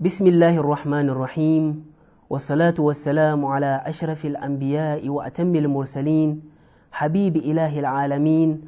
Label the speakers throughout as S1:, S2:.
S1: بسم الله الرحمن الرحيم والصلاة والسلام على أشرف الأنبياء وأتم المرسلين حبيب إله العالمين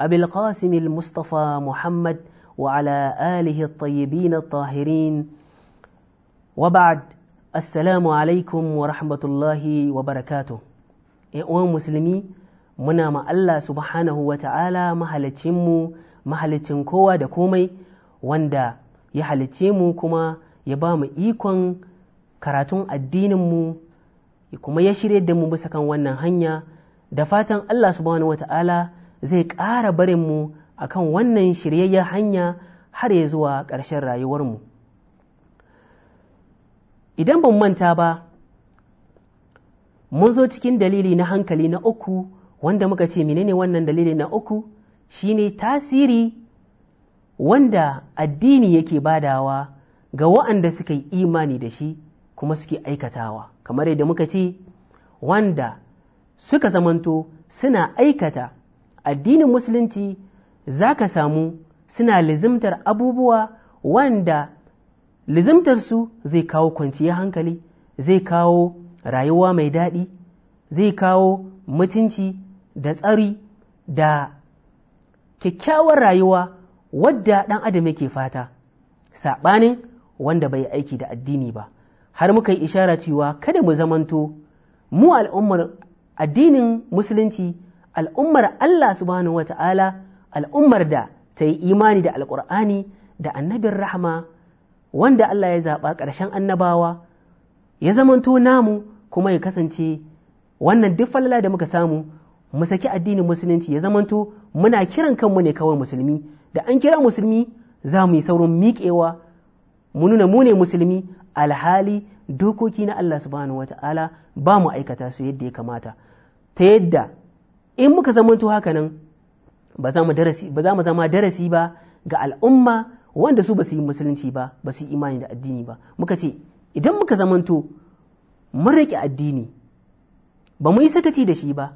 S1: أبي القاسم المصطفى محمد وعلى آله الطيبين الطاهرين وبعد السلام عليكم ورحمة الله وبركاته إعوان مسلمي منا ما الله سبحانه وتعالى مهلتشمو مهلتشن كوا دكومي واندا يحلتشمو كما ya ba mu ikon karatun addininmu kuma ya shirya da mu bisa kan wannan hanya da fatan Allah subhanahu wata'ala zai ƙara barin mu a kan wannan shiryayyen hanya har ya zuwa ƙarshen rayuwarmu idan ban manta ba mun zo cikin dalili na hankali na uku wanda muka ce menene wannan dalili na uku shine tasiri wanda addini yake badawa ga wa'anda suka yi imani da shi kuma suke aikatawa kamar yadda muka ce wanda suka zamanto suna aikata addinin musulunci za ka samu suna lizimtar abubuwa wanda lizimtarsu zai kawo kwanciyar hankali zai kawo rayuwa mai daɗi zai kawo mutunci da tsari da kyakkyawar rayuwa wadda ɗan adam yake fata saɓanin wanda bai aiki da addini ba har muka yi ishara cewa kada mu zamanto mu al'ummar addinin musulunci al'ummar Allah subhanahu wata'ala al'ummar da ta yi imani da alƙur'ani da annabin rahama wanda Allah ya zaɓa ƙarshen annabawa ya zamanto namu kuma ya kasance wannan duk falala da muka samu mu saki addinin musulunci ya zamanto muna kiran kanmu ne kawai musulmi da an kira musulmi za mu yi saurin miƙewa mu nuna mu ne musulmi alhali dokoki na Allah subhanahu wata'ala ba mu aikata su yadda ya kamata ta yadda in muka zamanto haka nan ba za mu zama darasi ba ga al'umma wanda su ba su yi musulunci ba ba su yi imani da addini ba muka ce idan muka zamanto mun rike addini ba mu yi sakaci da shi ba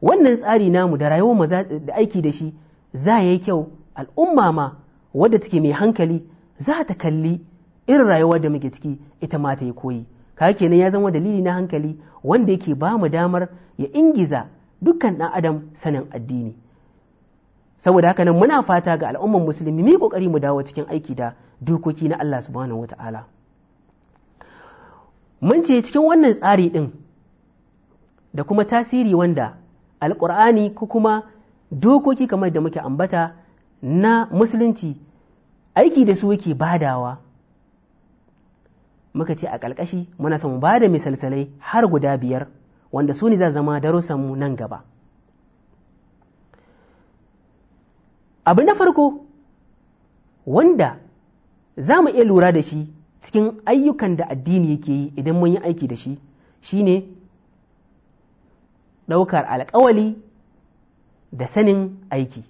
S1: wannan tsari namu da rayuwar da aiki da shi za ya yi kyau al'umma ma wadda take mai hankali za ta kalli irin rayuwar da muke ciki ita ma ta yi koyi ka kenan ya zama dalili na hankali wanda yake ba mu damar ya ingiza dukkan ɗan adam sanin addini saboda haka nan muna fata ga al'ummar musulmi mu kokari mu dawo cikin aiki da dokoki na Allah subhanahu wata'ala mun ce cikin wannan tsari din da kuma tasiri wanda alkur'ani ko kuma dokoki kamar da muke ambata na musulunci aiki da su yake badawa muka ce a ƙalƙashi muna son ba da misalsalai har guda biyar wanda su ne za zama mu nan gaba abu na farko wanda za mu iya lura da shi cikin ayyukan da addini yake yi idan mun yi aiki da shi shine ɗaukar alƙawali da sanin aiki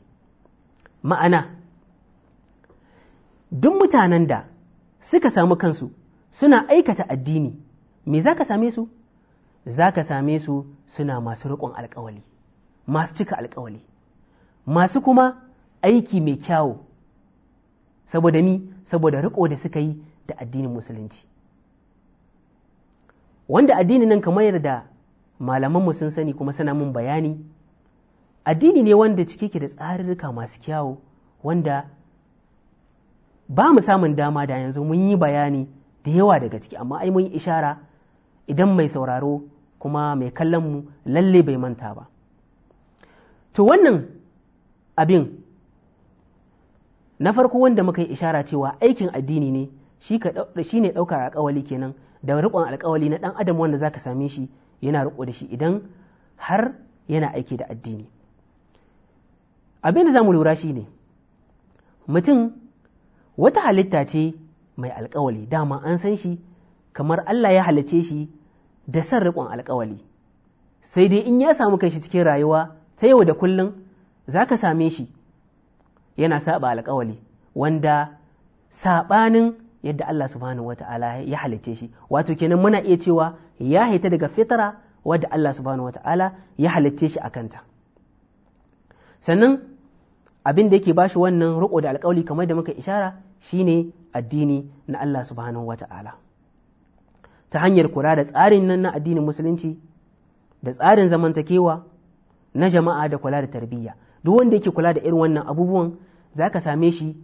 S1: ma'ana duk mutanen da suka samu kansu suna aikata addini me za ka same su za ka same su suna masu riƙon alƙawali masu cika alƙawali masu kuma aiki mai kyawo saboda ni saboda riƙo da suka yi da addinin musulunci wanda addini nan kamar yadda malamanmu sun sani kuma suna mun bayani addini ne wanda cike ke da tsarirrika masu kyawo wanda ba mu samun dama da yanzu mun yi bayani da yawa daga ciki amma ai mun yi ishara idan mai sauraro kuma mai kallon mu lalle bai manta ba to wannan abin na farko wanda muka yi ishara cewa aikin addini ne shi ne ɗaukar alkawali kenan da riƙon alkawali na ɗan adam wanda zaka same shi yana riƙo da shi idan har yana aiki da addini abin da za mu lura shi ne mutum wata halitta ce mai alkawali dama an san shi kamar Allah ya halice shi da san riƙon alkawali sai dai in ya samu kai shi cikin rayuwa ta yau da kullum za ka same shi yana saba alkawali wanda saɓanin yadda Allah subhanahu wa ta'ala ya halice shi wato kenan muna iya cewa ya haita daga fitara wadda Allah subhanahu wa ta'ala ya halicce shi a kanta sannan abin da yake ba shi wannan riko da alƙawli kamar da muka ishara shine addini na Allah subhanahu wata'ala ta hanyar kula da tsarin nan na addinin musulunci da tsarin zamantakewa na jama'a da kula da tarbiyya duk wanda yake kula da irin wannan abubuwan za ka same shi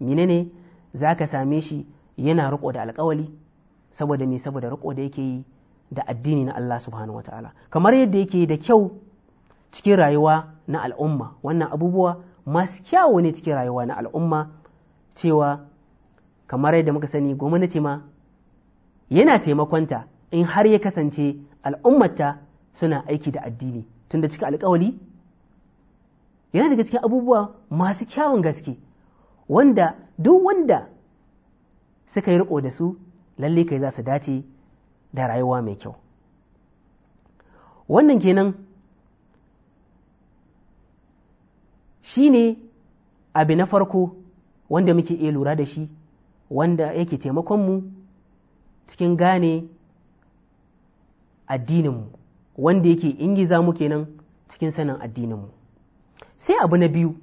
S1: menene za ka same shi yana riko da alƙawali saboda me saboda riko da yake yi da addini na Allah subhanahu wata'ala kamar yadda yake da kyau cikin rayuwa na al'umma wannan abubuwa masu kyawu ne cikin rayuwa na al'umma cewa kamar yadda muka sani gwamnati ma yana taimakonta in har ya kasance al'ummata suna aiki da addini tunda cikin alkawali yana daga cikin abubuwa masu kyawun gaske wanda duk wanda suka yi riko da su lalle kai za su dace da rayuwa mai kyau wannan kenan shi ne abu na farko wanda muke iya lura da shi wanda yake taimakonmu cikin gane addininmu wanda yake ingiza mu kenan cikin sanin addininmu sai abu na biyu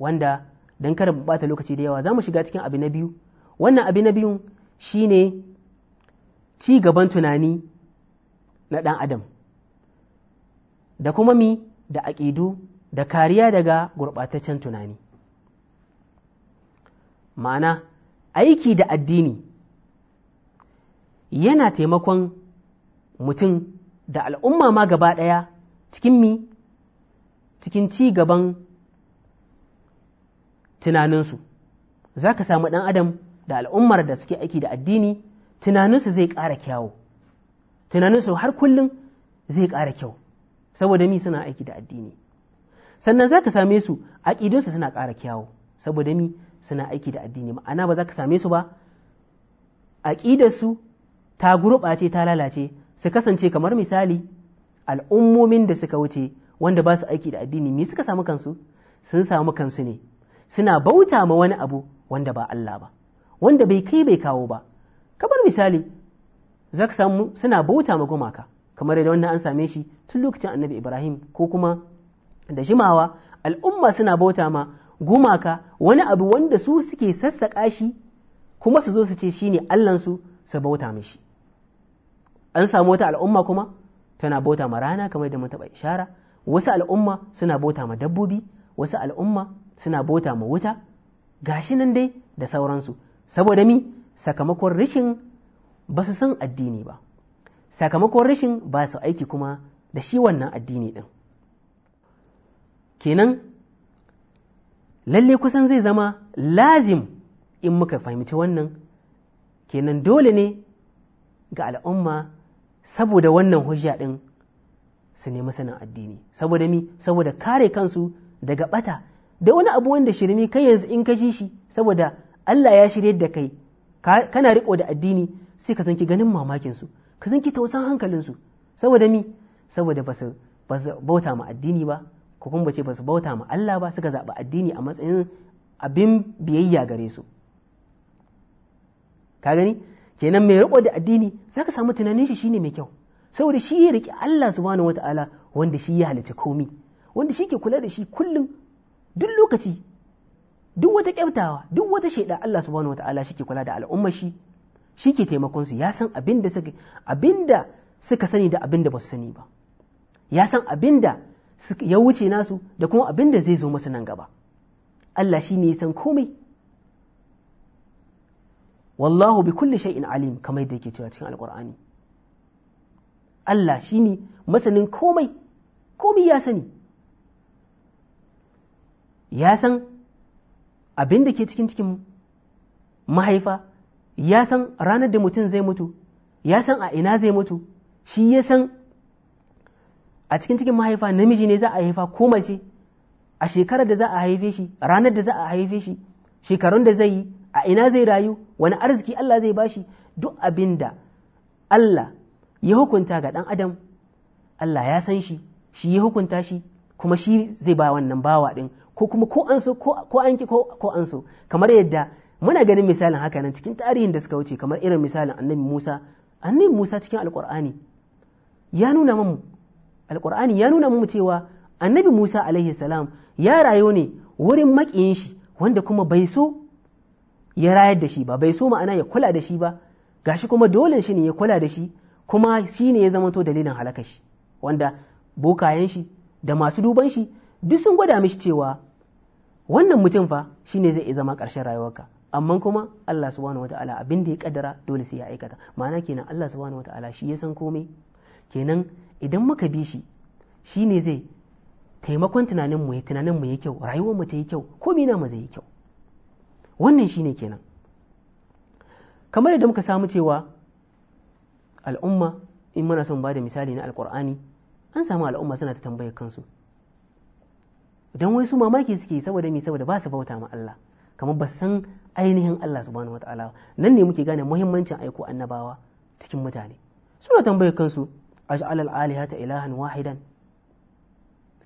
S1: wanda don kada mu bata lokaci da yawa za mu shiga cikin abu na biyu wannan abu na biyun shine ci gaban tunani na ɗan adam da kuma mi da aƙidu da kariya daga gurɓataccen tunani ma'ana aiki da addini yana taimakon mutum da al'umma ma gaba ɗaya cikin mi cikin ci gaban tunaninsu za ka samu ɗan adam da al'ummar da suke aiki da addini tunaninsu zai ƙara kyawu tunaninsu har kullum zai ƙara kyau saboda mi suna aiki da addini sannan za ka same su a ƙidinsu suna ƙara kyawu saboda mi suna aiki da addini ma'ana ba za ka same su ba A aƙidarsu ta gurɓace ta lalace su kasance kamar misali al'ummomin da suka wuce wanda ba su aiki da addini me suka samu kansu sun samu kansu ne suna bauta ma wani abu wanda ba Allah ba wanda bai kai bai kawo ba kamar misali za ka samu suna bauta ma gumaka kamar yadda wannan an same shi tun lokacin annabi ibrahim ko kuma da jimawa al'umma suna bauta ma gumaka wani abu wanda su suke sassaƙa shi kuma su zo su ce shi ne allansu su bauta mishi an samu wata al'umma kuma tana bauta ma rana kamar da mun taɓa ishara wasu al'umma suna bauta ma dabbobi wasu al'umma suna bauta ma wuta gashi nan dai da sauransu saboda mi sakamakon rashin ba su san addini ba sakamakon rashin ba su aiki kuma da shi wannan addini ɗin kenan lalle kusan zai zama lazim in muka fahimci wannan kenan dole ne ga al'umma saboda wannan hujja ɗin su nemi sanin addini saboda mi saboda kare kansu daga ɓata da wani abu wanda shirmi kai yanzu in ka ji shi saboda Allah ya shirye da kai kana riko da addini sai ka zanki ganin mamakin su ka zanki tausan hankalin su saboda mi saboda basu bauta ma addini ba ko kuma bace ba su bauta ma Allah ba suka zaɓi addini a matsayin abin biyayya gare su ka gani kenan mai riko da addini zaka samu tunanin shi shine mai kyau saboda shi ya riƙe Allah subhanahu wataala wanda shi ya halicci komi wanda shi ke kula da shi kullum duk lokaci duk wata kyautawa duk wata shaida Allah subhanahu wataala shi ke kula da al'umma shi shi ke taimakon su ya san abin suka abin da suka sani da abin da ba su sani ba ya san abin da ya wuce nasu da kuma abin da zai zo masa nan gaba Allah shi ne ya san komai wallahu bi kulli shay'in alim kamar da yake cewa cikin Alƙur'ani. Allah shi ne masanin komai komai ya sani ya san abin da ke cikin cikin mahaifa ya san ranar da mutum zai mutu ya san a ina zai mutu shi ya san a cikin cikin mahaifa namiji ne za a haifa ko mace a shekarar da za a haife shi ranar da za a haife shi shekarun da zai yi a ina zai rayu wani arziki Allah zai bashi duk abin da Allah ya hukunta ga ɗan adam Allah ya san shi shi ya hukunta shi kuma shi zai ba wannan bawa ɗin ko kuma ko an so ko an ki ko an so kamar yadda muna ganin misalin haka nan cikin tarihin da suka wuce kamar irin misalin annabi Musa annabi Musa cikin alkur'ani ya nuna mamu alkur'ani ya nuna mu cewa annabi Musa alaihi salam ya rayu ne wurin maƙiyin shi wanda kuma bai so ya rayar da shi ba bai so ma'ana ya kula da shi ba gashi kuma dole shi ne ya kula da shi kuma shi ne ya zama to dalilin halaka shi wanda bokayen shi da masu duban shi duk sun gwada mishi cewa wannan mutum fa shi ne zai zama ƙarshen rayuwarka amma kuma Allah subhanahu wata'ala abin da ya kaddara dole sai ya aikata ma'ana kenan Allah subhanahu wata'ala shi ya san komai kenan idan muka bi shi shi ne zai taimakon tunanin mu tunanin mu ya kyau mu ta yi kyau ko mina mu zai yi kyau wannan shi ne kenan kamar yadda muka samu cewa al'umma in muna son ba da misali na alkur'ani an samu al'umma suna ta tambayar kansu don wai su mamaki suke saboda mi saboda ba su bauta ma Allah kamar ba san ainihin Allah subhanahu wataala nan ne muke gane muhimmancin aiko annabawa cikin mutane suna tambayar kansu Aliha الآلهة إلها واحدا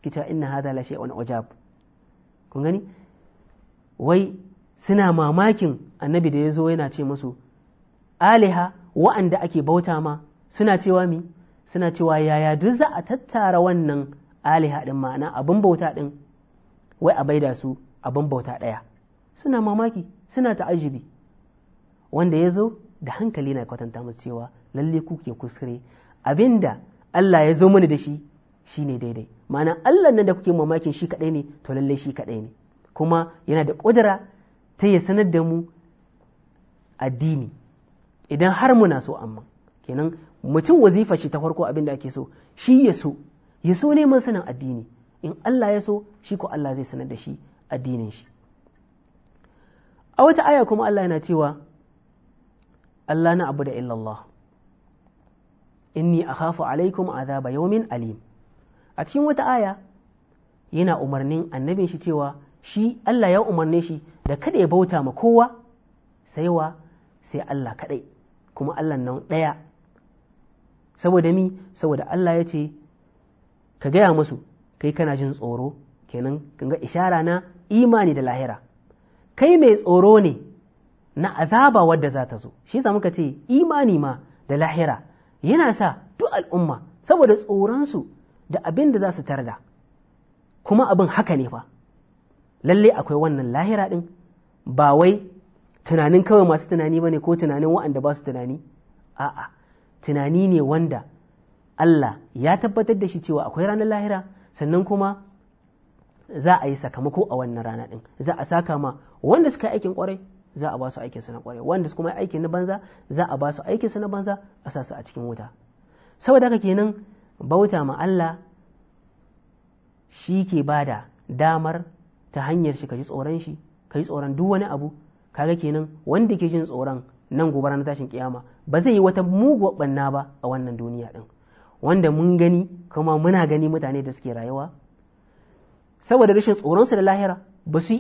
S1: kita inna hada la shay'un ojab. kun gani wai suna mamakin annabi da ya zo yana ce musu aliha wa'anda ake bauta ma suna cewa mi suna cewa yaya duk za a tattara wannan aliha din ma'ana abin bauta din wai a bai da su abin bauta ɗaya suna mamaki suna ta'ajibi wanda ya zo da hankali na kwatanta masu cewa lallai ku ke kuskure Abin da Allah ya zo mana da shi shi ne daidai ma'ana Allah nan da kuke mamakin shi kaɗai ne to lallai shi kaɗai ne kuma yana da ƙudura ta ya sanar da mu addini idan har muna so amma kenan mutum wazifa shi ta farko abin da ake so shi ya so ya so neman sanin addini in Allah ya so shi ko Allah zai sanar da shi addinin shi a wata aya kuma Allah yana cewa Allah na abu da illallah inni akhafu alaikum azaba yawmin alim a cikin wata aya yana umarnin annabin shi cewa shi Allah ya umarne shi da kada ya bauta ma kowa sai wa sai Allah kaɗai, kuma Allah nan ɗaya saboda mi saboda Allah ya ce ka gaya musu kai kana jin tsoro kenan ga ishara na imani da lahira kai mai tsoro ne na azaba wadda za ta zo shi sa muka ce imani ma da lahira yana sa duk al'umma saboda tsoronsu da abin da za su tarda kuma abin haka ne fa lalle akwai wannan lahira ɗin ba wai tunanin kawai masu tunani ba ne ko tunanin wa'anda ba su tunani a'a tunani ne wanda Allah ya tabbatar da shi cewa akwai ranar lahira sannan kuma za a yi sakamako a wannan rana ɗin za a saka ma wanda suka aikin kwarai za a ba su aikinsu na kwarai wanda su kuma aikin na banza za a ba su aikinsu na banza a sa su a cikin wuta saboda haka kenan bauta ma Allah shi ke bada damar ta hanyar shi ka ji tsoron shi ka ji tsoron duk wani abu kaga kenan wanda ke jin tsoron nan gobe na tashin kiyama ba zai yi wata muguwar banna ba a wannan duniya din wanda mun gani kuma muna gani mutane da suke rayuwa saboda rashin tsoron su da lahira ba su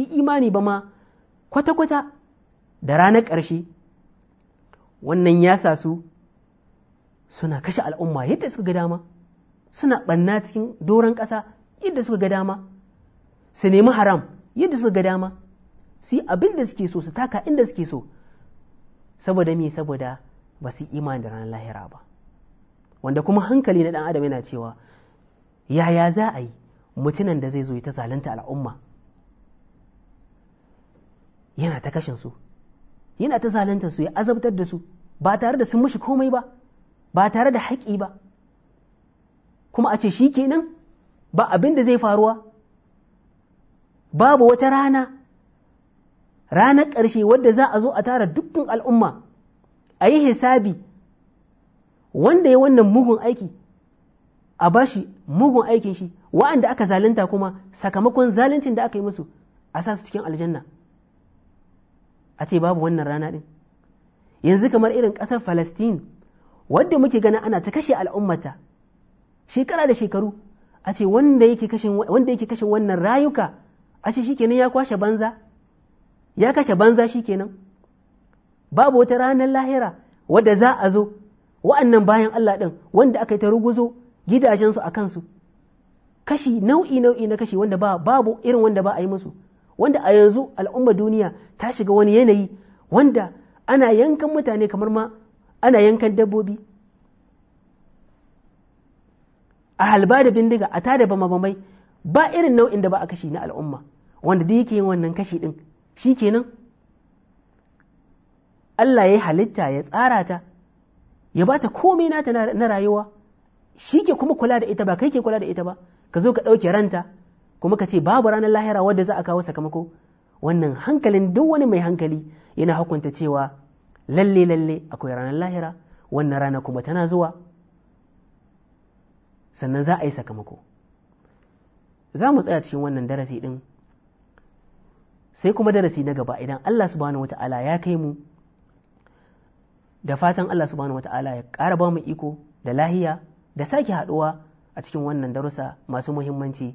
S1: yi imani ba ma kwata-kwata da ranar ƙarshe wannan ya sa su suna kashe al'umma yadda suka ga dama suna ɓanna cikin doron ƙasa yadda suka ga dama su nemi haram yadda suka ga dama su yi abin da suke so su taka inda suke so saboda me saboda ba su imani da ranar lahira ba wanda kuma hankali na ɗan adam yana cewa yaya za a yi mutunan da zai zo ta zalunta al'umma yana ta kashin su yana ta zaluntar su ya azabtar da su ba tare da sun mushi komai ba ba tare da haƙi ba kuma a ce shi kenan ba abin da zai faruwa babu wata rana ranar ƙarshe wadda za a zo a tara dukkan al'umma a yi hisabi wanda ya wannan mugun aiki a bashi mugun aikin shi wa'anda aka zalunta kuma sakamakon zaluncin da aka yi musu a sa su cikin aljanna a ce babu wannan rana ɗin yanzu kamar irin ƙasar falastin wadda muke gana ana ta kashe al'ummata shekara da shekaru a ce wanda yake kashe wannan rayuka a ce shikenan ya kwashe banza ya kashe banza shikenan babu wata ranar lahira wadda za a zo wa'annan bayan Allah ɗin wanda aka yi ta ruguzo gidajensu a kansu kashi nau'i nau'i na kashi wanda babu irin wanda ba a yi musu wanda a yanzu al'ummar duniya ta shiga wani yanayi wanda ana yankan mutane kamar ma ana yankan dabbobi a halba da bindiga a tada bama bamai ba irin nau'in da ba a kashi na al'umma wanda duk yake yin wannan kashi din shi kenan Allah ya halitta ya tsara ta ya bata komai nata na rayuwa shi ke kuma kula da ita ba kai ke kula da ita ba ka zo ka ɗauke ranta kuma ka ce babu ranar lahira wadda za a kawo sakamako wannan hankalin duk wani mai hankali yana hukunta cewa lalle lalle akwai ranar lahira wannan rana kuma tana zuwa sannan za a yi sakamako za mu tsaya cikin wannan darasi din sai kuma darasi na gaba idan Allah subhanahu wata'ala ya kai mu da fatan Allah subhanahu wata'ala ya ƙara ba mu iko da lahiya da sake haɗuwa a cikin wannan darusa masu muhimmanci